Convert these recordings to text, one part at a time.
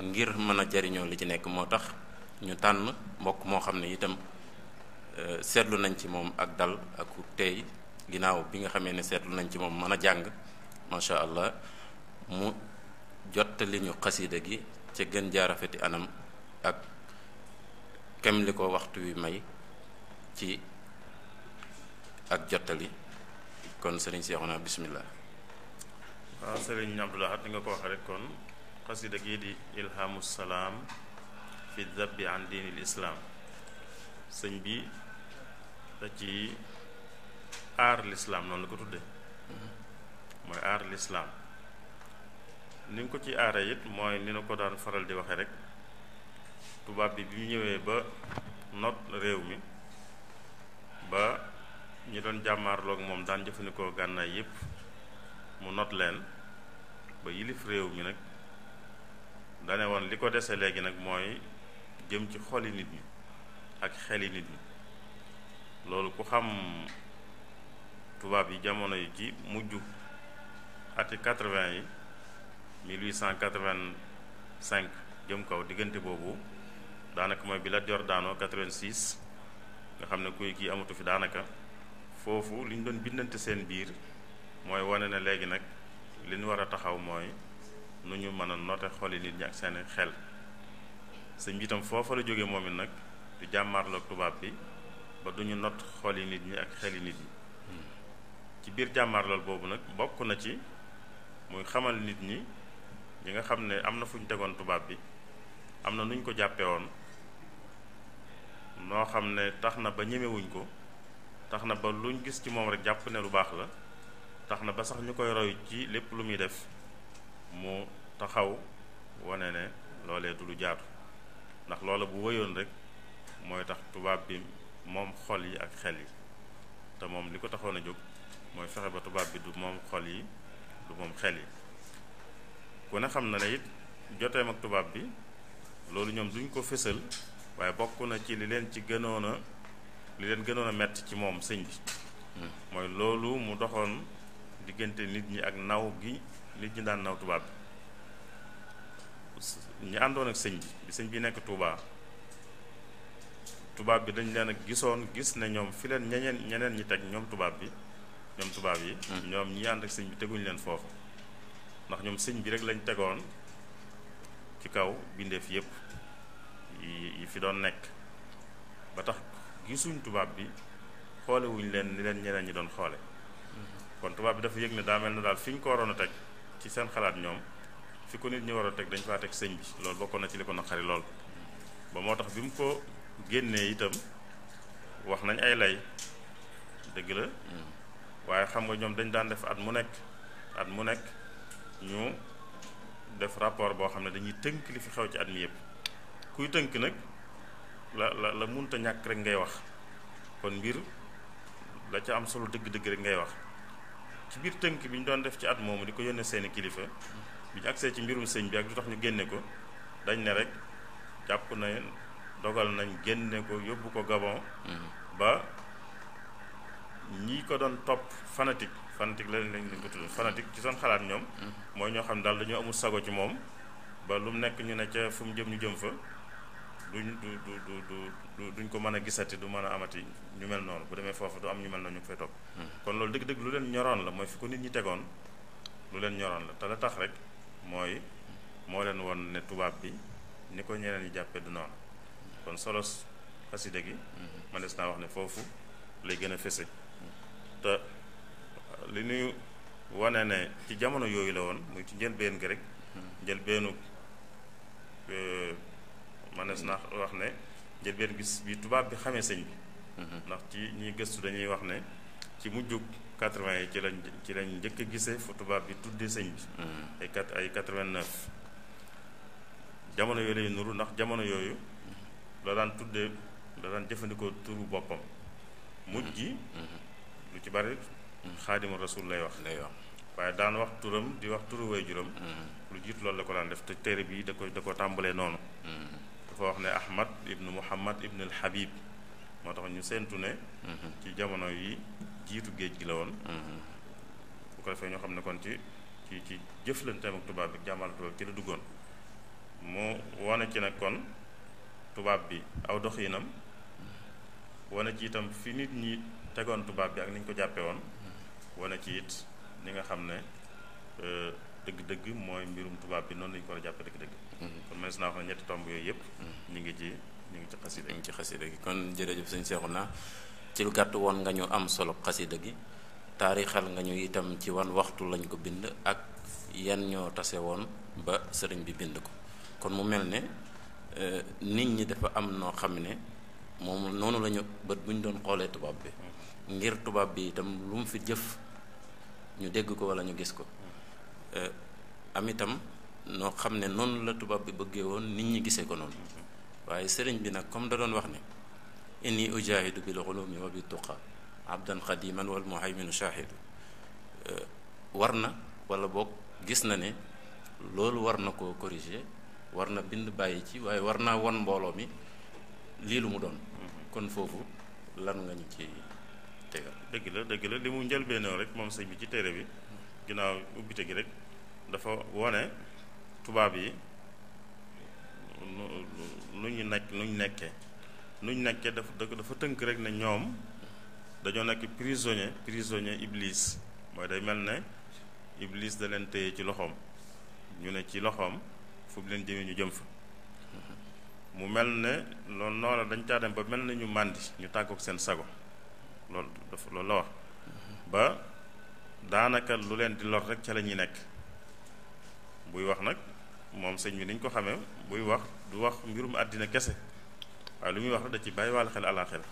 ngir mëna jariño li ci nek motax ñu tan mbokk mo xamne ne itam euh, seetlu nañ ci mom ak dal ak tey ginaaw bi nga xamé ne nañ ci mom mëna jang ma sha allah mu li ñu qasida gi ci gën jaarafeti anam ak kem liko waxtu wi may ci ak jotali kon serigne seexuna bismillah ah serigne abdoulahat nga ko waxe rek kon xasida gii di ilhamu salaam fi dabbi an diinil islaam sëñ bi da ci aar lislaam noonu la ko tudde mooy aar lislaam ni nga ko ci aare it mooy ni na ko daan faral di waxe rek tubaab bi bi ñëwee ba not réew mi ba ñi doon jàmmaarloog moom daan jëfandikoo gànnaay yépp mu not leen ba yilif réew mi nag dane woon li ko desee léegi nag mooy jëm ci xoli nit ñi ak xeli nit ñi loolu ku xam tubaab yi jamono yi ci mujj ati quatre-vingt yi mille huit cent quatre cinq jëm kaw diggante boobu daanaka mooy bi la Dior daanoo quatre nga xam ne kuy kii amatu fi daanaka foofu li ñu doon bindante seen biir mooy wane na léegi nag li ñu war a taxaw mooy nu ñu mën a noote yi nit ñi ak seeni xel sëñ bi itam foofa la jóge moom it nag du jàmmaarloog tubaab bi ba du ñu not xoli nit ñi ak xeli nit ñi ci biir jàmmaarlool boobu nag bokk na ci muy xamal nit ñi ñi nga xam ne am na fu ñu tegoon tubaab bi am na nu ñu ko jàppee woon noo xam ne tax na ba ñemewuñ ko tax na ba luñ gis ci moom rek jàpp ne lu baax la tax na ba sax ñu koy roy ci lépp lu muy def mu taxaw wane ne loolee du lu jaatu ndax loola bu wéyoon rek mooy tax tubaab bi moom xol yi ak xel yi te moom li ko taxoon a jóg mooy fexe ba tubaab bi du moom xol yi du moom xel yi ku ne xam na ne it joteem ak tubaab bi loolu ñoom duñ ko fësal waaye bokk na ci li leen ci gënoon a li leen gënoon a metti ci moom sëñ bi hmm. mooy loolu mu doxoon diggante nit ñi ak naw gi li ñi daan naw tubaab bi ñu àndoon ak sëñ bi sëñ bi nekk Touba tubaab bi dañ leen ak gisoon gis ne ñoom fi leen ñeneen ñeneen ñi teg ñoom tubaab bi ñoom tubaab yi hmm. ñoom ñi ànd ak sëñ bi teguñu leen foofu ndax ñoom sëñ bi rek lañ tegoon ci kaw bindeef yépp yi fi doon nekk ba tax gisuñ tubaab bi xoolewuñ leen ni leen ñeneen ñi doon xoole hmm. kon tubaab bi dafa yëg ne daa mel na daal fi ñu ko waroon a teg ci seen xalaat ñoom fi ko nit ñu war a teg dañ faa teg sëñ bi loolu bokkoon na ci li ko naqari lool ba moo tax bi mu ko génnee itam wax nañ ay lay dëgg la mm. waaye xam nga ñoom dañ daan def at mu nekk at mu nekk ñu def rapport boo xam ne dañuy tënk li fi xew ci at mi yëpp kuy tënk nag la la la munta ñàkk rek ngay wax kon mbir la ca am solo dëgg-dëgg rek ngay wax ci biir tënk bi ñu doon def ci at moomu di ko yónnee seeni kilifa bi ñu agsee ci mbirum sëñ bi ak du tax ñu génne ko dañ ne rek jàpp na dogal nañ génne ko yóbbu ko Gabon. Mm-hmm. ba ñi ko doon topp fanatique fanatique la lañ ko tudd fanatique ci seen xalaat ñoom. Mm-hmm. mooy ñoo xam ne daal dañoo amul sago ci moom ba lu mu nekk ñu ne ca fu mu jëm ñu jëm fa. duñ du du du du duñ ko mën a gisati du mën a amati ñu mel noonu bu demee foofu du am ñu mel noonu ñu ko fay topp. Hmm. kon loolu dëgg-dëgg lu leen ñoroon la mooy fi ko nit ñi tegoon lu leen ñoroon la te la tax rek mooy moo leen woon ne tubaab bi ni ko ñeneen ñi jàppee du noonu kon solos xasida gi. Hmm. man des naa wax ne foofu lay gën a fese. te li ñuy wane ne ci jamono yooyu la woon muy ci njëlbeen gi rek. Hmm. njëlbeenu. Euh, manees na wax ne njëlbeen gis bi tubaab bi xame sëñ bi mhm. ndax ci ñiy gëstu dañuy wax ne ci mujjug 80 yi ci lañ ci lañ njëkk a gisee fu tubaab bi tuddee sëñ bi mhm. ay quatre ay 89 jamono yooyu lay nuru ndax jamono yooyu la daan tuddee la daan jëfandikoo turu boppam mujj gi mhm. lu ci bari xaadima rasul lay wax waaye daan wax turam di wax turu way waajuram lu jiit loolu la ko daan def te téere bi da ko da ko tàmbalee noonu dafa wax ne ahmad ibnu muhammad ibnu alhabib moo tax ñu séentu ne mhm. ci jamono yi jiitu géej gi la woon mhm. bu ko defee ñoo xam ne kon ci ci ci jëflanteem ak tubaab bi jàmmal tubaab ci la duggoon mu wane ci nag kon tubaab bi aw doxiinam wane ci itam fi nit ñi tegoon tubaab bi ak ni ñu ko jàppee woon mhm. wane ci it li nga xam ne euh, deug deug moy mbirum tuba bi non lañ ko wara jappé deug deug kon mënees na wax ñetti tombe yoy yëpp mm-hmm. ñi ngi ci ñi ngi ci xasida ñi ci xasida gi kon jërëjëf sëñ Seexuna ci lu gàtt won nga ñu am solo xasida gi taarixal nga ñu itam ci wan waxtu lañ ko bind ak yan ñoo tase won ba sëriñ bi bind ko kon mu melne ne euh, nit ñi dafa am no xam ne nonu lañu la buñ doon xolé tuba bi mm-hmm. ngir tuba bi itam lu mu fi jëf ñu dégg ko wala ñu gis ko Euh, am itam noo xam ne noonu la tubaab bi bëggee woon nit ñi gisee ko noonu waaye sëriñ bi nag comme da doon wax ne inni ujaahidu bil ulumi wa bi tuqa abdan qadiman wal muhayminu shaahidu euh, war na wala boog gis na ne loolu war na ko corriger war na bind bàyyi ci waaye war naa won mbooloo mi lii lu mu doon kon foofu lan nga ñu ci tegal dëgg la dëgg la li mu njëlbeenoo rek moom sëñ bi ci téere bi ginnaaw ubbite gi rek dafa wone tubaab yi nu ñu nekk nu ñu nekkee nu ñu nekkee dafa dafa tënk rek ne ñoom dañoo nekk prisonnier prisonnier iblis mooy day mel ne iblis da leen téye ci loxoom ñu ne ci loxoom fu mu leen jëmee ñu jëm fa mu mel ne loolu noonu dañ caa dem ba mel na ñu màndi ñu tàggook seen sago loolu la wax ba daanaka lu leen di lor rek ca lañuy nekk buy wax nag moom sëñ bi niñ ko xamee buy wax du wax mbirum àddina kese waaye lu muy wax rek da ci bàyyi wàll xel alaaxira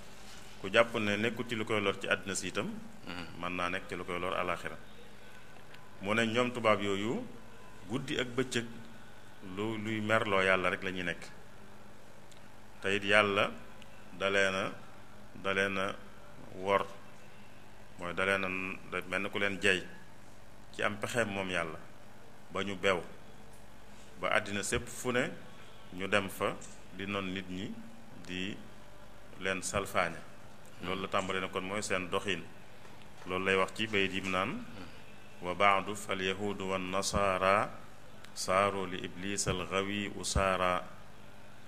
ku jàpp ne nekkul ci lu koy lor ci àddina siitam itam mm-hmm. mën naa nekk ci lu koy lor alaaxira mu ne ñoom tubaab yooyu guddi ak bëccëg lu luy merloo yàlla rek la ñuy nekk te it yàlla dalee na dalee na wor mooy da leen mel ku leen jey ci am pexeem moom yàlla ba ñu bew ba àddina sépp fu ne ñu dem fa di non nit ñi di leen salfaaña loolu la tàmbalee ne kon mooy seen doxin loolu lay wax ci bayit yim naan wa baadu fal yahuudu wan nasara saaru li iblis al gawi usaara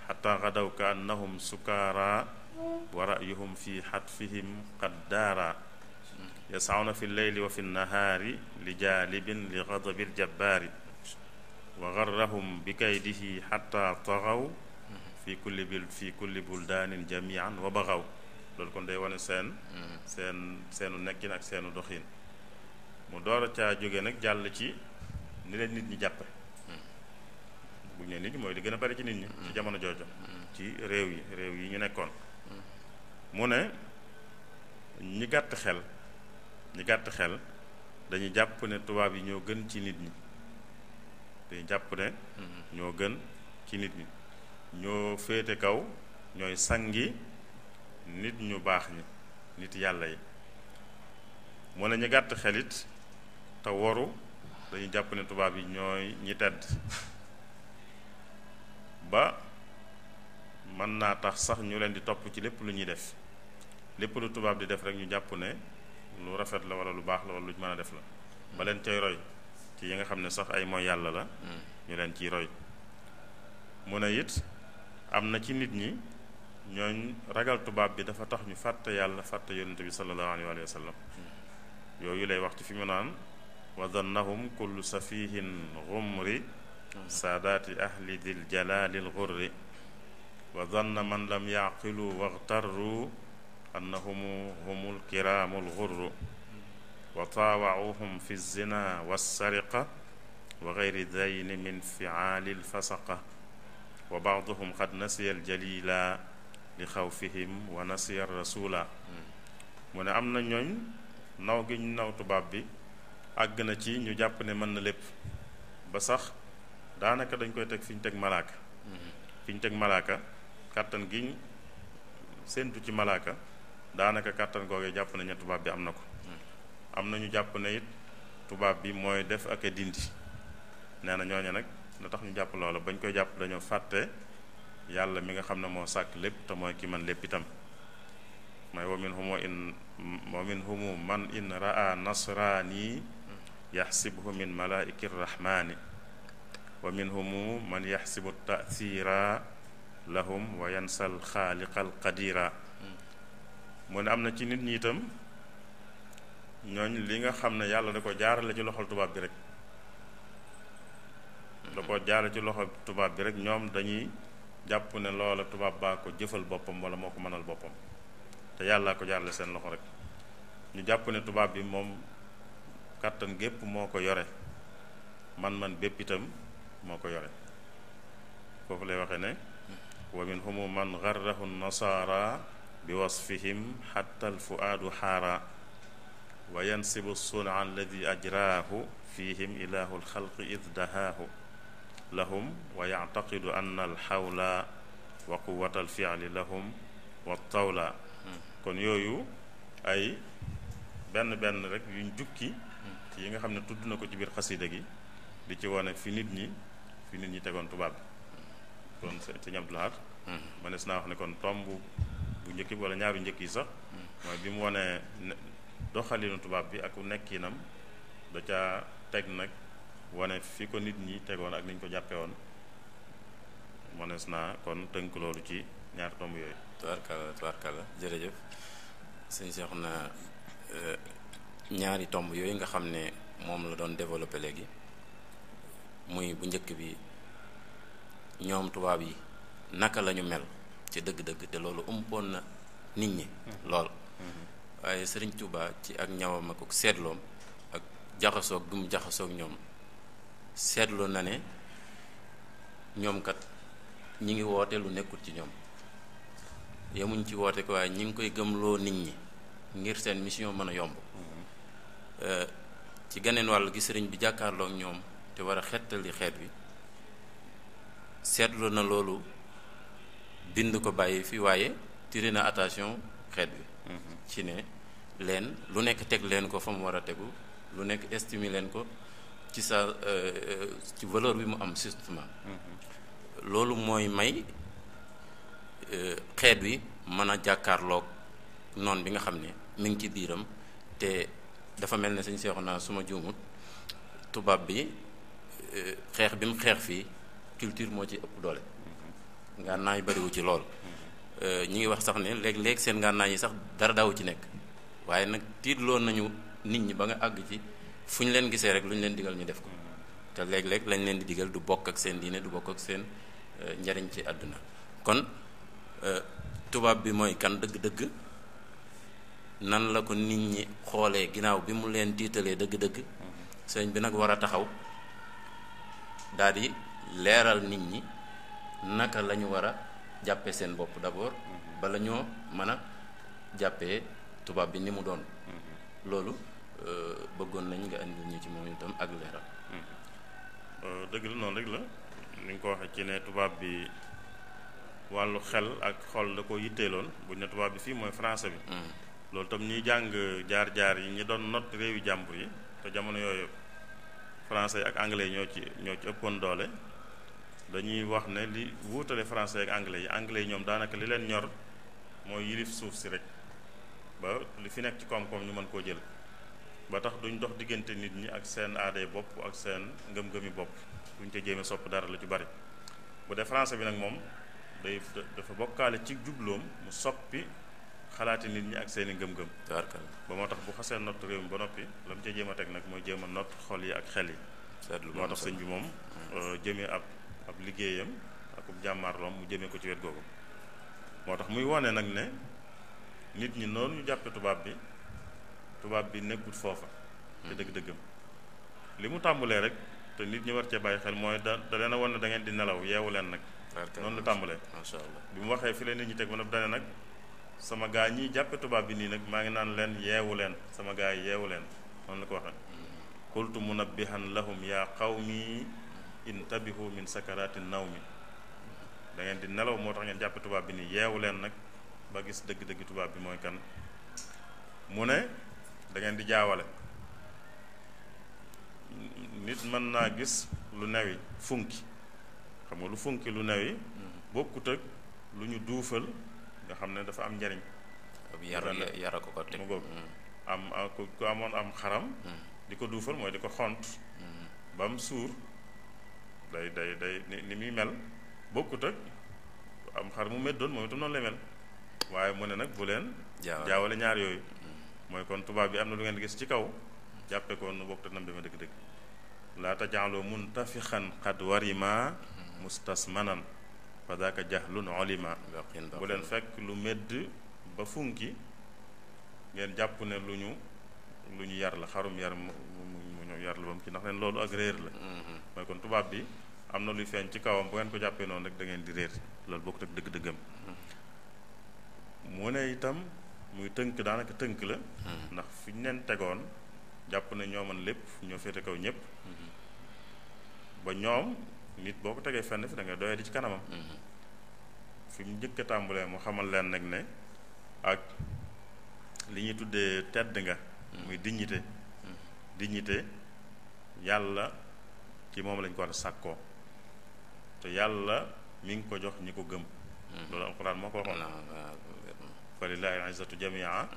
xataa gadaw ka annahum sukaara wa rayuhum fi xatfihim qad يسعون في الليل وفي النهار لجالب لغضب الجبار وغرهم بكيده حتى طغوا في كل بل في كل بلدان جميعا وبغوا loolu kon day wane seen seen seenu nekkin ak seenu doxin mu door caa jóge nag jàll ci ni leen nit ñi jàppe bu ñu ne nit ñi mooy li gën a bari ci nit ñi ci jamono joojo ci réew yi réew yi ñu nekkoon mu ne ñi gàtt xel ñu gàtt xel dañu jàpp ne tubaab yi ñoo gën ci nit ñi dañu jàpp ne mm-hmm. ñoo gën ci nit ñi ñoo féete kaw ñooy sangi nit ñu baax ñi nit yàlla yi mu ne ñu gàtt xelit te waru dañu jàpp ne tubaab yi ñooy ñi tedd ba mën naa tax sax ñu leen di topp ci lépp lu ñuy def lépp lu tubaab di def rek ñu jàpp ne lu rafet la wala lu bax la wala lu mën def la ba len tay roy ci yi nga xamne sax ay moy yàlla la ñu len ci roy mu ne it amna ci nit ñi ñooñ ragal tubab bi dafa tax ñu fàtte yàlla fàtte yonente bi sallallahu alaihi wa sallam yooyu lay wax ci fi mu naan wa dhannahum kullu safihin ghumri سادات أهل ذي الجلال الغر وظن من لم يعقلوا واغتروا أنهم هم الكرام الغر وطاوعوهم في الزنا والسرقة وغير ذين من فعال الفسقة وبعضهم قد نسي الجليل لخوفهم ونسي الرسول من أمنا نيوم نوغي نيو تبابي أغنى تي نيو جاب نمان لب بسخ دانا كدن كوي تك فين تك ملاك فين تك ملاك كاتن جين سين تك ملاك daanaka kàttan googee jàpp nañu tubaab bi am na ko am na ñu jàpp ne it tubaab bi mooy def ak a dindi nee na ñooñu nag la tax ñu jàpp loola bañ koy jàpp dañoo fàtte yàlla mi nga xam ne moo sàkk lépp te mooy ki man lépp itam mooy wa minhum in wa minhum man in raa nasraani yaxsibhu min malaa'iki rahmaani wa minhum man yaxsibu taasiira lahum wa yansal xaaliqal mu ne am na ci nit ñi itam ñooñ li nga xam ne yàlla da ko jaarale ci loxol tubaab bi rek da ko jaarale ci loxol tubaab bi rek ñoom dañuy jàpp ne loola tubaab baa ko jëfal boppam wala moo ko mënal boppam te yàllaa ko jaarale seen loxo rek ñu jàpp ne tubaab bi moom kàttan gépp moo ko yore man-man bépp itam moo ko yore foofu lay waxe ne wa minhum man garrahu nasaara بوصفهم حتى الفؤاد حار وينسب الصنع الذي أجراه فيهم إله الخلق إذ دهاه لهم ويعتقد أن الحول وقوة الفعل لهم والطول كن يو أي بن بن رك ينجوكي تي ييغا خامن تود نكو تي بير قصيده غي دي تي وانا في نيت ني في نيت ني تيغون توباب كون سي نيام دلات مانيس نا واخني bu njëkk bi wala ñaaru njëkk yi sax mooy bi mu wanee doxalinu tubaab bi ak nekkinam da ca teg nag wane fi ko nit ñi tegoon ak ni ñu ko jàppe woon mënees naa kon tënk loolu ci ñaar tomb yooyu tubaarkalla jërëjëf sëñ Cheikh na eh, ñaari tomb yooyu nga xam ne moom la doon développé léegi muy bu njëkk bi ñoom tubaab yi naka lañu mel ci dëgg-dëgg te loolu umpoon na nit ñi lool waaye Serigne Touba ci ak ñawam ak seetloom ak jaxasoog gum jaxasook ñoom seetlu na ne ñoom kat ñi ngi woote lu nekkul ci ñoom yemuñ ci woote ko waaye ñi ngi koy gëmloo nit ñi ngir seen mission mën a yomb euh, ci geneen wàll gi sëriñ bi jàkkaarlook ñoom te war a xettali xeet bi seetlu na loolu bind ko bàyyi fii waaye tiré na attention xeet bi mm-hmm. ci ne leen lu nekk teg leen ko fa mu war a tegu lu nekk estimi leen ko ci sa euh, ci valeur bi mu am justement mm-hmm. loolu mooy may euh, xeet bi mën a jàkkaarloog noonu bi nga xam ne mi ngi ci biiram te dafa mel ne sëñ seexu naa suma juumut tubaab bi euh, xeex bi mu xeex fii culture moo ci ëpp doole bari wu ci lool euh, ñi ngi wax sax ne léeg-léeg seen dar yi sax dara daawu ci nekk waaye nag tiitloo nañu nit ñi ba nga àgg ci fuñ leen gisee rek luñ leen digal ñu def ko te léeg-léeg lañ leen di digal du bokk ak seen diine du bokk ak seen euh, njariñ ci àdduna kon euh, tubaab bi mooy kan dëgg-dëgg nan la ko nit ñi xoolee ginnaaw bi mu leen tiitalee dëgg-dëgg mm-hmm. sëñ bi nag war a taxaw daal di leeral nit ñi naka lañu ñu war a jàppee seen bopp d'abord bala ñoo mën a jàppee tubaab bi ni mu doon loolu euh, bëggoon nañ nga indi ñi ci moom itam ak leeral euh, dëgg la noonu rek la ni nga ko waxee ci ne tubaab bi wàllu xel ak xol da ko yitteeloon buñ ne tubaab bi fii mooy français bi mm. loolu tam ñuy jàng jaar-jaar yi ñu doon not réewi jàmbur yi te jamono yooyu français yi ak anglais yi ñoo ci ñoo ci ëppoon doole dañuy wax ne li wuutale français ak anglais yi anglais yi ñoom daanaka li leen ñor mooy yilif suuf si rek ba li fi nekk ci koom-koom ñu mën koo jël ba tax duñ dox diggante nit ñi ak seen aaday bopp ak seen ngëm-ngëmi bopp duñ ca jéeme sopp dara la ci bari bu dee bi nag moom day dafa bokkaale ci jubloom mu soppi xalaati nit ñi ak seeni ngëm-ngëm ba moo tax bu xasee nott réew mi ba noppi la mu ca jéem a teg nag mooy jéem a nott xol yi ak xel yi moo tax sëñ bi moom euh, jëmee ab ab liggéeyam akub jàmmaarloom mu jëmee ko ci wet googu moo tax muy wone nag ne nit ñi noonu ñu jàppe tubaab bi tubaab bi nekkut foofa te dëgg-dëggam li mu tàmbulee rek te nit ñi war cee bàyyi xel mooy da da leen won ne da ngeen di nelaw yeewu leen nag noonu la tàmbulee macha allah bi mu waxee fi leen nit ñi teg ba nag dane nag sama gaa ñi jàppe tubaab bi nii nag maa ngi naan leen yeewu leen sama gaa yi yeewu leen noonu la ko waxee mm-hmm. qultu munabbihan lahum yaa qawmi intabihu min sakaratin naw da dangeen di nelaw moo tax ngeen jàpp tubaab bi nii yeewu leen nag ba gis dëgg-dëgg tubaab bi mooy kan mu ne dangeen di jaawale nit mën naa gis lu newi funki xam nga lu funki lu newi bokkut ak lu ñu duufal nga xam ne dafa am njariñ yara ko mm. am ku amoon am xaram mm. di ko duufal mooy di ko xont mm. ba suur day day day ni muy mel bokkut ak am xar mu meddoon moom itam noonu lay mel waaye mu ne nag bu leen jaawale ñaar yooyu mm. mooy kon tubaab bi am na lu ngeen gis ci kaw jàppe ko nu bokk te nam demee dëgg-dëgg laa tajaaloo muntafixan xad warima mm. mustasmanan fa daaka jahlun olima bu leen fekk lu medd ba funki ngeen jàpp ne lu ñu lu ñu yar la xarum yar mu mu ñu yar la ba mu kii ndax leen loolu ak réer la mm-hmm. mooy kon tubaab bi am na luy feeñ ci kawam bu ngeen ko jàppee noonu rek da ngeen di réer loolu bokkut ak dëgg-dëggam mu ne itam muy tënk daanaka tënk la hmm. ndax fi ñu leen tegoon jàpp ne ñoo man lépp ñoo féete kaw ñëpp hmm. ba ñoom nit boo ko tegee fenn fi da ngay di ci kanamam hmm. fi mu njëkk a tàmbalee mu xamal leen nag ne ak li ñuy tuddee tedd nga muy dignité dignité yàlla ci moom lañ ko war a sàkkoo te yàlla mi ngi ko jox ñi ko gëm loolu alquran moo ko waxoon fa lillahi al izzatu jamia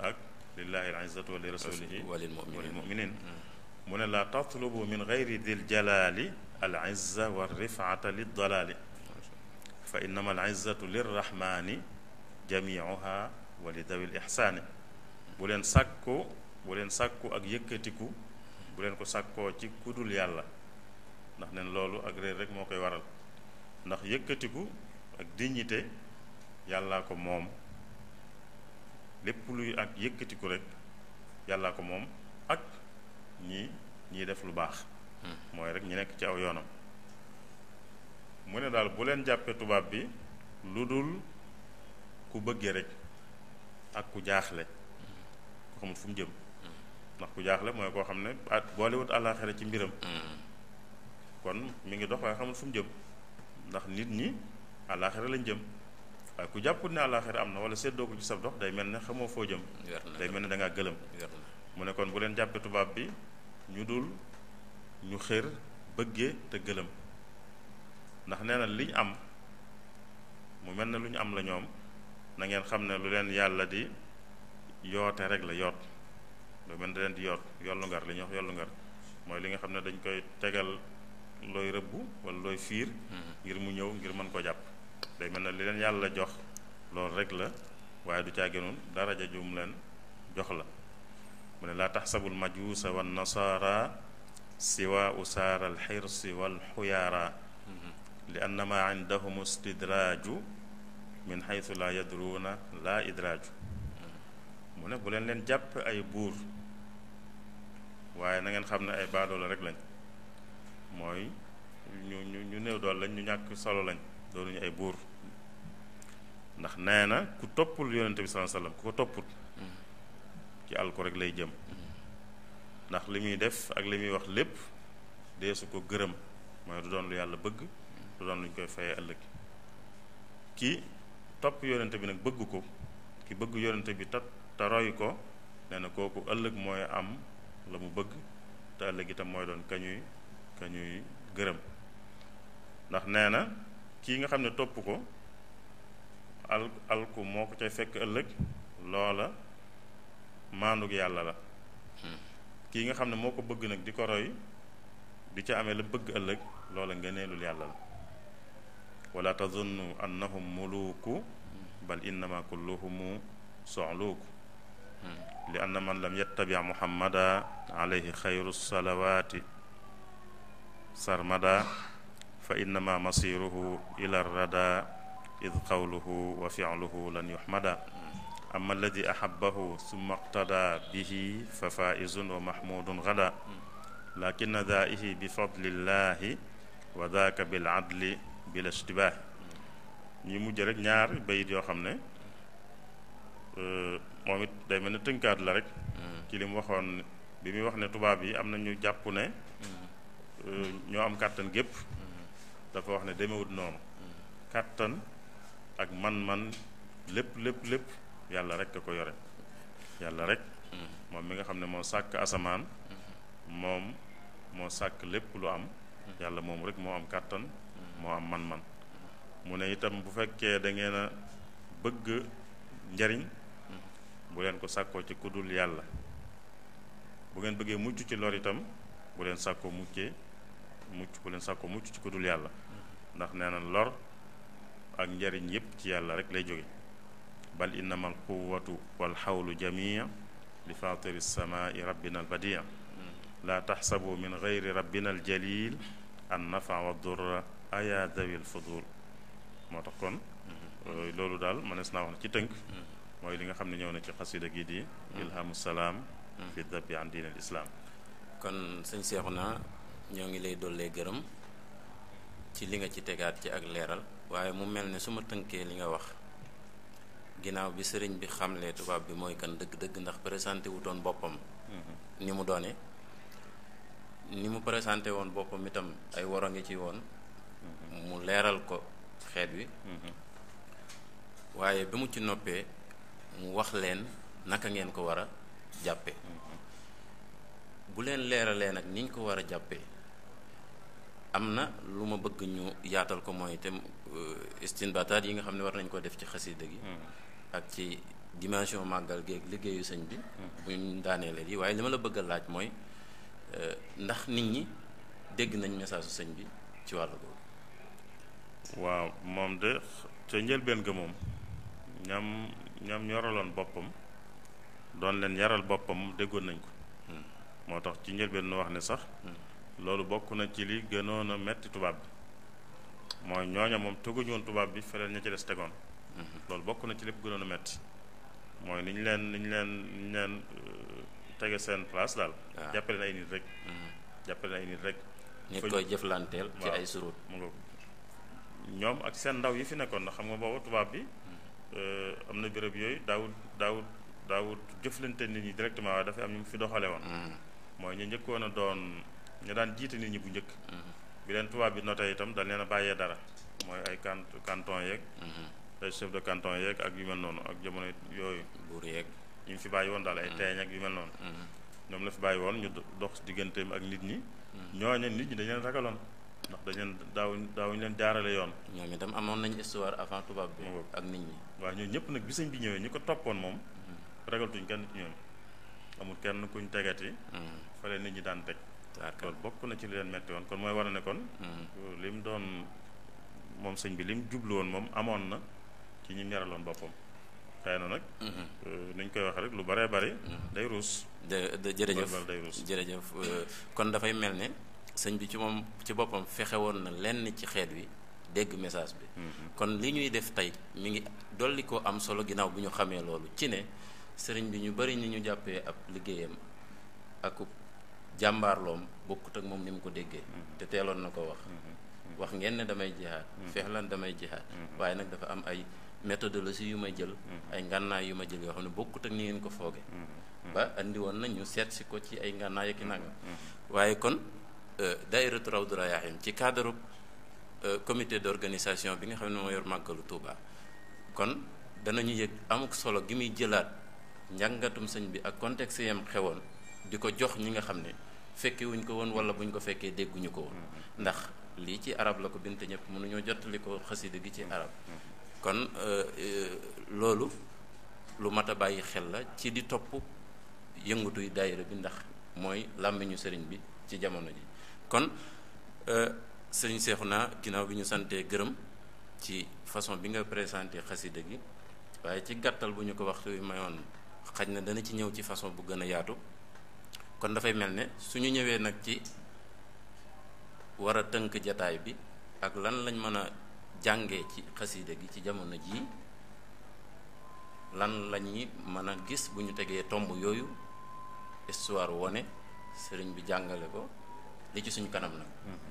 ak lillahi al izzatu wa li rasulihi walil muminin mu ne laa tatlubu min gayri dil jalali al izza wa rifaata lid dalaali fa innama al izzatu lirrahmani jamiuha wa li dawi l ixsaani bu leen sàkku bu leen sàkku ak yëkkatiku bu leen ko sàkkoo ci kudul yàlla ndax neen loolu ak réer rek moo koy waral ndax yëkkatiku ak dignité yàllaa ko moom lépp luy ak yëkkatiku rek yàllaa ko moom ak ñi ñiy def lu baax hmm. mooy rek ñi nekk ci aw yoonam mu ne daal bu leen jàppee tubaab bi lu dul ku bëggee rek ak ku jaaxle hmm. ku xamul fu mu jëm ndax ku jaaxle mooy koo xam ne boolewut àllaaxira ci mbiram hmm. kon mi ngi dox waaye xamul fu mu jëm ndax nit ñi àllaaxira lañ jëm waaye ku jàpput ne àllaaxira am na wala séddoo ko ci sab dox day mel ni xamoo foo jëm day mel ni da ngaa gëlëm mu ne kon bu leen jàppee tubaab bi ñu dul ñu xër bëggee te gëlëm ndax nee na li am mu mel ne lu ñu am la ñoom na ngeen xam ne lu leen yàlla di yoote rek la yoot lu mel ne da leen di yoot yollu ngar li ñuy wax yollu ngar mooy li xam ne dañ koy tegal loy rëbb wala loy fiir ngir mu ñëw ngir mën ko jàpp day mel li len yàlla jox lool rek la waaye du dara ja joom len jox la mun la tahsabul majusa wan nasara siwa usara al hirs wal huyara li annama indahum istidraaju min xaytu laa yadruuna laa idraaju mu ne bu leen leen jàpp ay buur waaye na ngeen xam ne ay baadoo rek lañ mooy ñu ñu ñu néew dool lañ ñu ñàkk solo lañ doonuñu ay buur ndax nee na ku toppul yonent bi sallallahu alayhi wasallam ku ko toppul ci alko rek lay jëm ndax li muy def ak li muy wax lépp dee ko gërëm mooy du doon lu yàlla bëgg du doon lu ñu koy fayee ëllëg ki topp yonent bi nag bëgg ko ki bëgg yonent bi ta taroy ko nee na kooku ëllëg mooy am la mu bëgg te ëllëg itam mooy doon kañuy ka ñuy gërëm ndax nee na kii nga xam ne topp ko al alku moo ko cay fekk ëllëg loola maandug yàlla la hmm. kii nga xam ne moo ko bëgg nag di ko roy di ca amee la bëgg ëllëg loola ngëneelul yàlla la wala tazunnu annahum muluku bal innama kulluhumu soxluuku hmm. li anna man lam yattabi muhammada xayru salawaati سرمدا فإنما مصيره إلى الردى إذ قوله وفعله لن يحمد أما الذي أحبه ثم اقتدى به ففائز ومحمود غدا لكن ذائه بفضل الله وذاك بالعدل بلا اشتباه ñi mu rek ñaar bayit yoo xam ne euh, momit day mel ne tënkaat la rek mm. ci lim mu waxoon bi muy wax ne tubaab yi am nañu jàpp ne mm. Euh, ñoo am kàttan gépp dafa wax ne demewut noonu kàttan ak man-man lépp lépp lépp yàlla rek a ko yore yàlla rek moom mi nga xam ne moo sàkk asamaan moom moo sàkk lépp lu am yàlla moomu rek moo am kàttan moo am man-man mu ne itam bu fekkee da ngeen a bëgg njariñ bu leen ko sàkkoo ci kuddul yàlla bu ngeen bëggee mucc ci lor itam bu leen sàkkoo muccee mucc ku leen sàkku mucc ci ku dul yàlla ndax nee na lor ak njariñ yépp ci yàlla rek lay jóge bal innama al quwatu wal xawlu jamia li fatiri samaai rabbina al badia la taxsabu min gayri rabbina al jalil an nafa wa durra aya dawi al fudul moo tax kon loolu daal mënees naa wax ne ci tënk mooy li nga xam ne ñëw na ci xasida gi di ilhamu salaam fi dabi an diin al kon sëñ ñoo ngi lay dollee gërëm ci li nga ci tegaat ci ak leeral waaye mu mel ni su ma tënkee li nga wax ginnaaw bi sëriñ bi xamlee tubaab bi mooy kan dëgg-dëgg ndax présenté wutoon boppam mm-hmm. ni mu doone ni mu présenté woon boppam itam ay woro ngi ci woon mm-hmm. mu leeral ko xeet wi mm-hmm. waaye bi mu ci noppee mu wax leen naka ngeen ko war a jàppe bu leen leeralee nag niñ ko war a jàppee am na lu ma bëgg ñu yaatal ko mooy itam istinbataat euh, yi nga xam ne war nañ ko def ci xasida gi hmm. ak ci dimension màggal géeg liggéeyu sëñ bi hmm. buñ daanee yi waaye li ma la bëgg laaj mooy euh, ndax nit ñi dégg nañ message sëñ bi ci wàll googu waaw moom de ca njëlbeen ga moom ñam ñam yoraloon boppam doon leen yaral boppam déggoon nañ ko hmm. moo tax ci njëlbeen nu wax ne sax loolu bokk na ci li gënoon a metti tubaab bi mooy ñooña moom teguñu woon tubaab bi feneen ña ci des tegoon mhm. loolu bokk na ci lépp gënoon metti mooy ni leen ni leen ni ñu leen euh, tege seen place daal ah. jàppale na ay nit rek mhm. jàppale nit rek nit koy jëflanteel ci ay surut mu nga ñoom ak seen ndaw yi fi nekkoon ndax xam nga boobu tubaab bi mhm. euh, am na béréb yooyu daawut daawut daawut jëflante nit ñi directement waaye dafa am ñu mu fi doxale woon mooy ñu njëkkoon a doon ñu daan jiite nit ñi bu njëkk mm-hmm. bi leen tubaab bi noté itam dañ leen a bàyyee dara mooy ay can canton yeeg mm-hmm. ay chef de canton yeeg ak yu mel noonu ak jamono yooyu buur yeeg ñu fi bàyyi woon daal ay teeñ ak yu mel noonu mm-hmm. ñoom la fi bàyyi woon ñu dox digganteem ak nit ñi ne nit ñi dañ leen ragaloon ndax dañ leen daawuñ daawuñ leen jaarale yoon ñoom itam amoon nañu histoire avant tubaab bi ak nit ñi waaw ñoo ñëpp nag bisañ bi ñëwee ñu ko toppoon moom ragaltuñ kenn ci ñoom amul kenn kuñ tegati fa leen nit ñi daan teg loolu bokk na ci li leen metti woon kon mooy war a ne kon mhm. li mu doon moom sëñ bi li mu jublu woon moom amoon na ci ñi yaraloon boppam xëy na nag mhm. euh, nuñ koy wax rek mhm. lu baree bari day ruus jërëjëf day ruus jërëjëf kon dafay mel ne sëñ bi ci moom ci boppam fexe woon na lenn ci xeet wi dégg message bi kon li ñuy def tey mu ngi dolli ko am solo ginnaaw bu ñu xamee loolu ci ne sëriñ bi ñu bari ni ñu jàppee ab liggéeyam ak jambar lom bokut ak mom nim ko déggee té mm-hmm. télon nako wax mm-hmm. wax ngén né damay jihad mm-hmm. feexlan damay jihad waaye nak dafa am ay méthodologie yu ma jël ay nganna yu ma jël yo xamné bokut ak ni ngén ko fooge ba andi won na ñu seet si ko ci ay nganna ak nak nangam kon euh dairatu rawdu rayahin ci cadre euh, comité d'organisation bi nga xamné mo yor magalu Touba kon danañu yëg amuk solo gi muy jëlaat njàngatum sëñ bi ak contexte yam xewon diko jox ñi nga xamné fekke wuñ ko woon wala buñ ko fekkee dégguñu ko woon mm-hmm. ndax lii ci arab la ko bint ñëpp mënuñoo jottali ko xasida gi ci arab mm-hmm. kon euh, euh, loolu lu mat a bàyyi xel la ci di topp yëngatuy dayre bi ndax mooy làmmiñu sëriñ bi ci jamono ji kon euh, sëriñ naa ginnaaw bi ñu santee gërëm ci façon bi nga présente xasida gi waaye ci gàttal bu ñu ko waxtu wi mayoon xaj na dana ci ñëw ci façon bu gën a yaatu kon dafay mel ne suñu ñëwee nag ci war a tënk jataay bi ak lan lañ mën a jàngee ci xasiida gi ci jamono jii lan la ñuy mën a gis bu ñu tegee tomb yooyu histoire wone sëriñ bi jàngale ko li ci suñu kanam nag. Mm-hmm.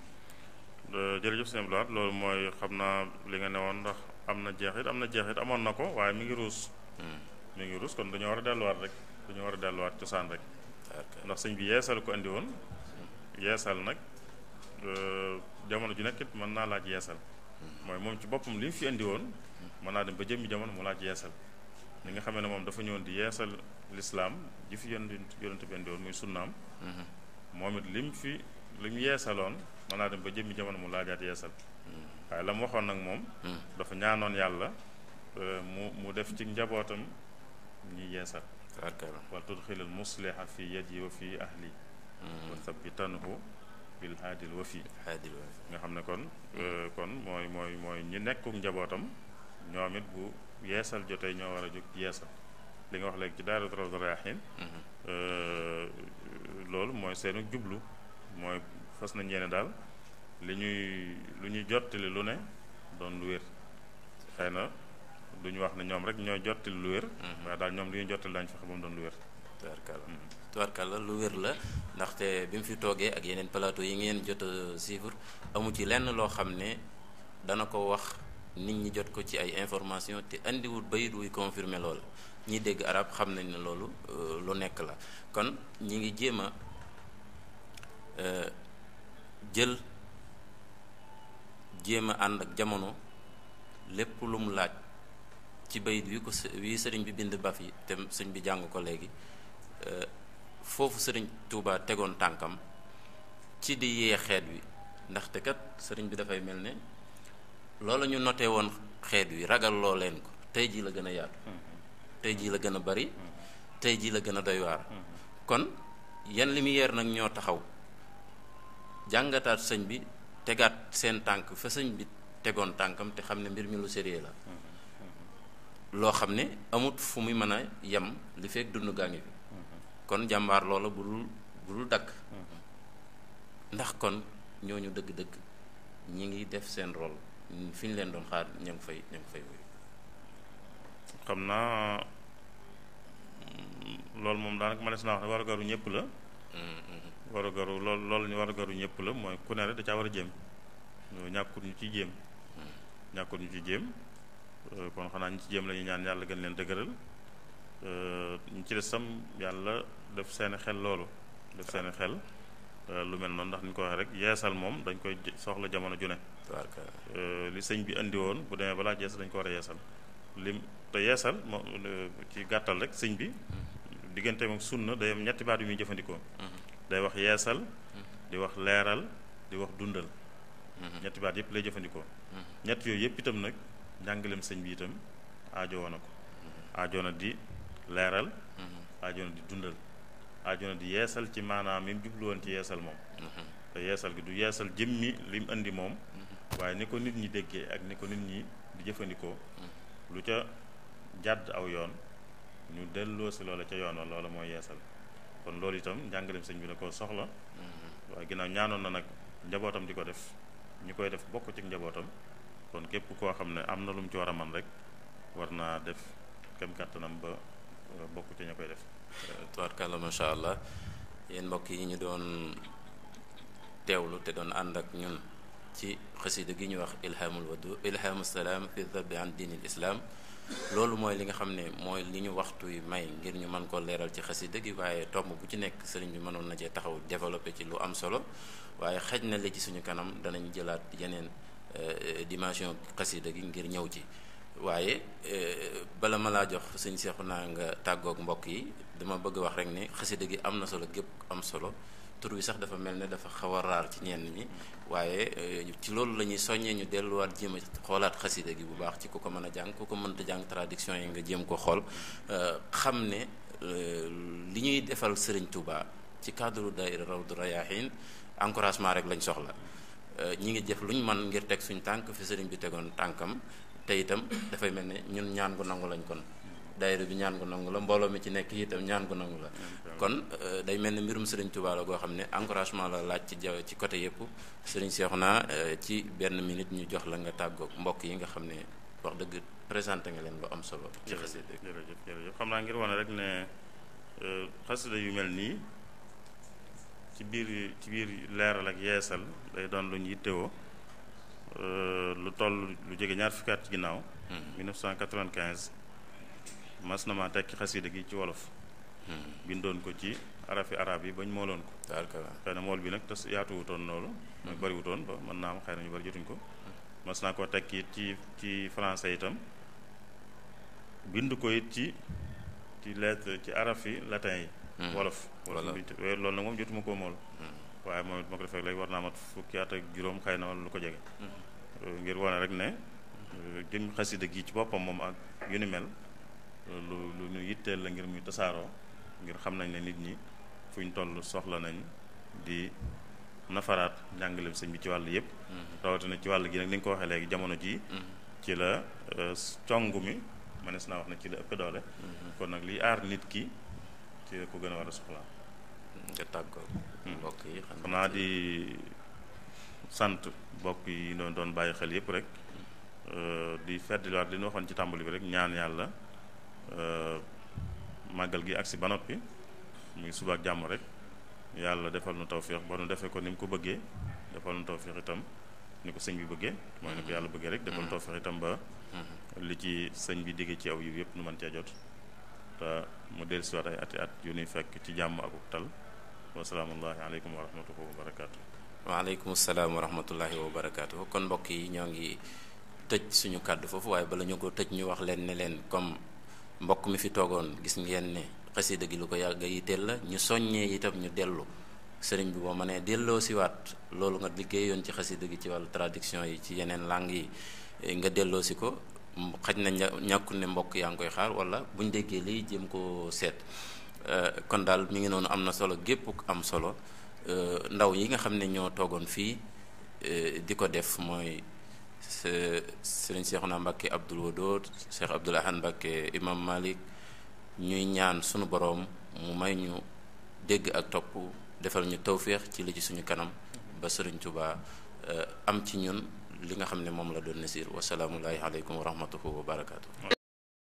Euh, jërëjëf sëñ Blaat loolu mooy xam naa li nga ne woon ndox am na jeexit am na jeexit amoon na ko waaye mi ngi ruus. Mm. mi ngi ruus kon dañoo war a delluwaat rek dañoo war a delluwaat cosaan rek. ndax sëñ bi yeesal ko andi woon yeesal nag euh, jamono ju nekkit mën naa laaj yeesal mooy moom ci boppam li fi andi woon mën naa dem ba jëmmi jamono mu laaj yeesal ni nga xamee ne moom dafa ñëwoon di yeesal lislaam ji fi yonent yonent bi andi woon muy sunnaam mhm. lim fi lim yeesaloon mën naa dem ba jëmmi jamono mu laajaat yeesal waaye la mu waxoon nag moom mhm. dafa ñaanoon yàlla euh, mu mu def ci njabootam ñuy yeesal وتدخل المصلح في يدي وفي أهلي وثبتنه بالهادي الوفي هادي الوفي نحن نكون كون موي موي موي نينكم جباتم نعمل بو يسال جتاي نيو ورا جوك يسال ليغا وخ ليك دار الدرر راحين ا لول موي سينو جوبلو موي فاس نان يينا دال لي نيو لو نيو جوتلي لو ني دون وير خينا duñ wax ne ñoom rek ñoo jotti lu wér mhm. waaye daal ñoom li ñu jottali daañu fexe ba mu doon lu wér tubarkala tubarkala lu wér la ndaxte bi mu fi toogee ak yeneen plateau yi ngeen jot a amu ci lenn loo xam ne dana ko wax nit ñi jot ko ci ay information te andiwul bayit wuy confirmer loolu ñi dégg arab xam nañ ne loolu euh, lu nekk la kon ñi ngi jéem a euh, jël jéem a ànd ak jamono lépp lu mu laaj ci bayit wi ko wi sëriñ bi bind baf yi te sëñ bi jàng ko léegi euh, foofu sëriñ tuubaa tegoon tànkam ci di yee xeet wi ndaxte kat sëriñ bi dafay mel ne loola ñu noté woon xeet wi ragal loo leen ko tey jii la gën a yaatu mm-hmm. tey jii la gën a bari mm-hmm. tey jii la gën a doy waar mm-hmm. kon yan lumière nag ñoo taxaw jàngataat sëñ bi tegaat seen tànk fa sëñ bi tegoon tànkam te xam ne mbir mi lu sérieux la loo xam ne amut fu muy mën a yem li fekk dund gaa ngi fi kon jàmbaar loola bu dul bu dul dakk ndax kon ñooñu dëgg-dëgg ñi ngi def seen rol fi ñu leen doon xaar ña ngi fay ña ngi xam naa loolu moom daanaka ma naa war a ñëpp la war a lool loolu ñu war a ñëpp la mooy ku ne rek da caa war a jéem ñoo ñàkkut ñu ci jéem ñàkkut ñu ci jéem kon euh, xanaa ñu ci jéem la ñu ñaan yàlla gën leen dëgëral euh, ñu ci des sam yàlla def seeni xel loolu def seen xel euh, lu mel noonu ndax duñ ko waxee rek yeesal moom dañ koy soxla jamono ju ne li sëñ bi indi woon bu demee balaa jees dañ ko war a yeesal lim te yeesal moom ci gàttal rek sëñ bi mm-hmm. diggante moom sunna day am ñetti baat yu muy jëfandikoo mm-hmm. day wax yeesal mm-hmm. di wax leeral di wax dundal ñetti baat yëpp lay jëfandikoo ñett yooyu yëpp itam nag njàngaleem sëñ bi itam aajowoo na ko aajoo na di leeral mm-hmm. aajoo na di dundal aajoo na di yeesal ci maanaam mi mu jubluwoon ci yeesal moom mm-hmm. te yeesal gi du yeesal jëmmi li indi moom mm-hmm. waaye ni ko nit ñi déggee ak ni ko nit ñi di jëfandikoo lu ca jàdd aw yoon ñu delloo si loola ca yoon wa loola mooy yeesal kon loolu itam njàngaleem sëñ bi da koo soxla waaye ginnaaw ñaanoon na nag njabootam di ko def ñi koy def bokk ci njabootam kon képp koo xam ne am na lu mu ci war a man rek war def kem kàttanam ba euh, bokk ci ña koy def tubaarkàlla macha allah yéen mbokk yi ñu doon teewlu te doon ànd ak ñun ci xasida gi ñu wax ilhamul wadu ilhaamu salaam fi dabbi an diinil islam loolu mooy li nga xam ne mooy li ñu waxtu yi may ngir ñu mën ko leeral ci xasida gi waaye tomb bu ci nekk sëriñ bi mënoon na cee taxaw développé ci lu am solo waaye xaj na li ci suñu kanam danañ jëlaat yeneen Euh, dimension xasida gi ngir ñëw ci waaye euh, bala ma laa jox sëñ seexu naa nga tàggoog mbokk yi dama bëgg wax rek ne xasida gi am na solo gépp am solo tur wi sax dafa mel ne dafa xaw a raar ci ñenn ñi waaye euh, ci loolu la ñuy soññee ñu delluwaat jéem a xoolaat xasida gi bu baax ci ku ko mën a jàng ku ko mënta jàng traduction yi nga jëm ko xool xam ne li ñuy defal sëriñ Touba ci cadre daayira Rawdu Rayaahiin encouragement rek lañ soxla Euh, ñi ngi jëf lu ñu mën ngir teg suñ tànk fi sëriñ bi tegoon tànkam te itam dafay mel ni ñun ñaan gu nangu lañ kon daayira bi ñaan gu nangu la mbooloo mi ci nekk itam ñaan gu la kon euh, day mel ne mbirum sëriñ Tuubaa la goo xam ne encouragement la laaj ci jaw ci côté yëpp naa Seexuna euh, ci benn minute ñu jox la nga tàggoog mbokk yi nga xam ne wax dëgg présenté nga leen lu am solo ci xasida jërëjëf jërëjëf xam naa ngir wane rek ne xasida yu mel nii ci biir ci biir leeral ak yeesal day doon lu ñu yittewoo euh, lu toll lu jege ñaar fukki at ci ginnaaw. 1995 hmm. mas na maa tekki xasida gi ci wolof. Hmm. bindoon ko ci arafi arab yi bañ mooloon ko. xëy na mool bi nag tas yaatuwutoon loolu. nag hmm. bëriwutoon ba mën naa am xëy na ñu bëri jotuñ ko. mas naa ko tekki ci ci français itam bind ko it ci ci lettre ci arafi latin yi. Mm-hmm. wolof wolof loolu nag moom jotuma koo mool mm-hmm. waaye moom it ma ko defee léegi war naa mat fukki at ak juróom xëy na wala lu ko jege mm-hmm. euh, ngir wane rek ne euh, jëm xasida gi ci boppam moom ak yu ni mel euh, lu lu ñu yitteel la ngir muy tasaaroo ngir xam nañ ne nit ñi fu ñu toll soxla nañ di nafaraat njàngaleem sëñ bi ci wàll yëpp rawatina ci wàll gi nag ni nga ko waxee léegi jamono ji ci la cong mi mënees naa wax ne ci la ëpp doole kon nag liy aar nit ki ci ko gën a war a nga tàggoo mbokk yi xam di sant mbokk yi doon doon bàyyi xel yépp rek euh, di feddiliwaat li ñu waxoon ci tàmbali bi rek ñaan yàlla euh, màggal gi agsi ba noppi muy suba ak jàmm rek yàlla defal nu tawféex ba nu defee ko ni mu ko bëggee defal nu tawféex itam ni ko sëñ bi bëggee mooy ni ko hmm. yàlla bëggee rek defal hmm. tawféex itam ba hmm. li ci sëñ bi diggee ci aw yi yëpp nu mën cee jot ta mu del ci ay ati at yu fek ci jamm ak tal wa salaamullahi aleykum wa warahmatullahi wa wa alaykum assalam wa rahmatullahi wa barakatuh kon mbok yi ñongi tejj suñu kaddu fofu waaye bala ñu ko tejj ñu wax len ne len comme mbok mi fi togon gis ngeen ne qasida gi lu ko yi tel la ñu soññee itam ñu delu sëriñ bi bo mané delo ci wat lolu nga liggéeyoon ci xasida gi ci wal traduction yi ci yenen langue yi nga delo si ko xaj na ñàkku ne mbokk yaa ngi koy xaar wala buñ déggee lii jéem koo seet euh, kon daal mi ngi noonu am na solo gépp am solo euh, ndaw yi nga xam ne ñoo toogoon fii euh, di ko def mooy sëriñ naa Mbàkke Abdul Wadood Cheikh Abdul Ahad Mbàkke Imam Malik ñuy ñaan sunu boroom mu may ñu dégg ak topp defal ñu tawféex ci li suñu kanam ba sëriñ Tuubaa am ci ñun li nga xam ne moom la doon nasir wasalaamullahi aleykum wa rahmatuhu wa barakatuh